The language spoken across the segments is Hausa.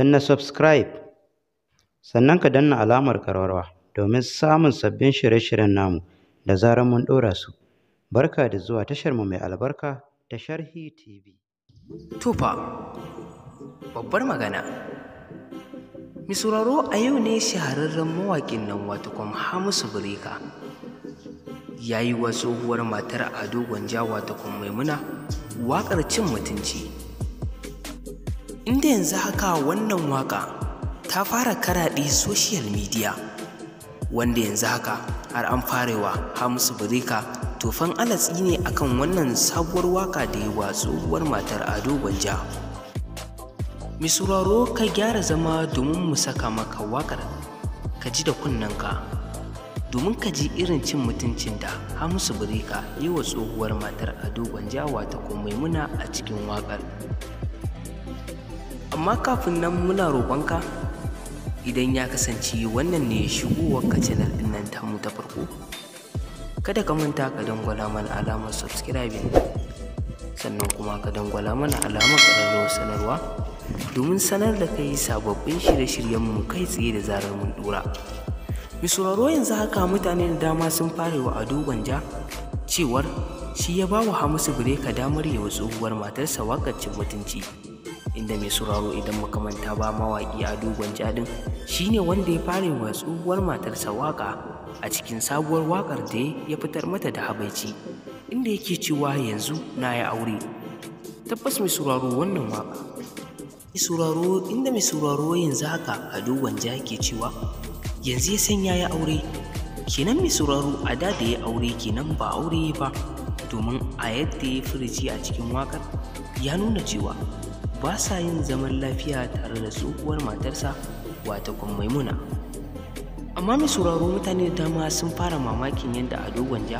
na subscribe sannan ka danna alamar karwarwa domin samun sabbin shirye-shiryen namu da zarar mun ɗora su barka da zuwa tashar mu mai albarka ta sharhi tv tufa babbar magana mi a yau ne shahararren mawaƙin nan wato kuma hamisu birika ya yi wa tsohuwar matar ado gwanja wato kuma maimuna waƙar cin mutunci inda yanzu haka wannan waka ta fara karaɗe social media wanda yanzu haka har an farewa hamisu bureka tofan alatsi ne akan wannan sabuwar waka da ya wa tsohuwar matar ado gwanja misuraro ka gyara zama domin mu saka maka wakar ka ji da kunnanka domin ka ji irin cin mutuncin da hamisu bureka yi wa tsohuwar matar ado gwanja wata ko maimuna a cikin wakar amma kafin nan muna roƙonka idan ya kasance wannan ne shigowar ka canal din nan tamu ta farko kada ka manta ka dangwala mana alamar subscribing sannan kuma ka dangwala mana alamar ƙararrawar sanarwa domin sanar da kai sababbin shirye-shiryenmu kai tsaye da zarar mun dora mu sauraro yanzu haka mutane da dama sun fara wa ado gwanja cewar shi ya ba wa hamisu bireka damar yawa tsohuwar matarsa wakar mutunci inda mai sauraro idan makamanta ba mawaƙi a dogon jadin shine wanda ya fara wa tsohuwar matarsa waƙa a cikin sabuwar waƙar da ya fitar mata da habaici inda yake cewa yanzu na ya aure tabbas mai sauraro wannan waƙa inda mai sauraro yanzu haka a dogon ja ke cewa yanzu ya sanya ya aure kenan mai sauraro a da da ya aure kenan ba aure ba domin a yadda ya firici a cikin waƙar ya nuna cewa ba sa yin zaman lafiya tare da tsohuwar matarsa wata kwan maimuna amma mai sauraro mutane da dama sun fara mamakin yadda ado gwanja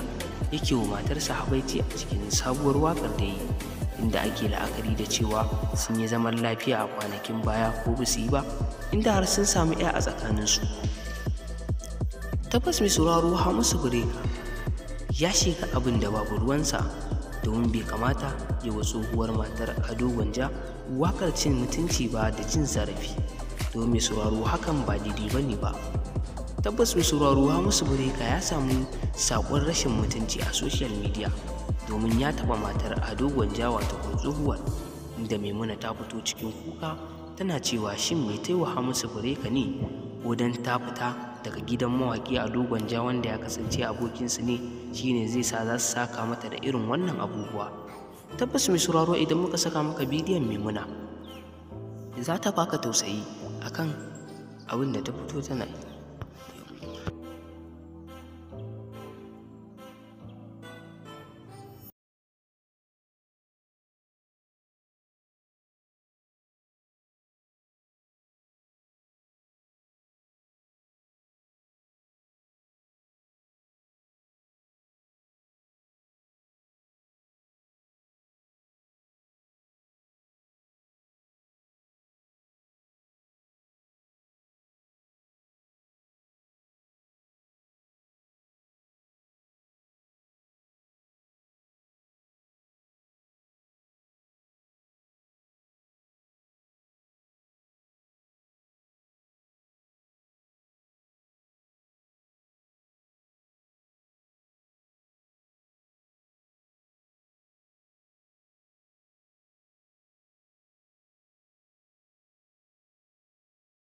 yake wa matarsa habaici a cikin sabuwar wakar da yi inda ake la'akari da cewa sun yi zaman lafiya a kwanakin baya ko ba su yi ba inda har sun samu 'ya a tsakaninsu tabbas mai sauraro hamisu bureka ya shiga abin da babu ruwansa domin bai kamata ya wa tsohuwar matar ado gwanja wakar cin mutunci ba da cin zarafi domin sauraro hakan ba daidai ba ne ba tabbas mai sauraro ha musu ya samu sakon rashin mutunci a social media domin ya taba matar ado gwanja wato tsohuwar da maimuna ta fito cikin kuka tana cewa shin mai taiwa ha musu bureka ne ko don ta fita daga gidan mawaƙi a dogon ja wanda ya kasance abokinsu ne shine zai sa za su saka mata da irin wannan abubuwa tabbas mai sauraro idan muka saka maka bidiyon maimuna za ta baka tausayi akan abin da ta fito tana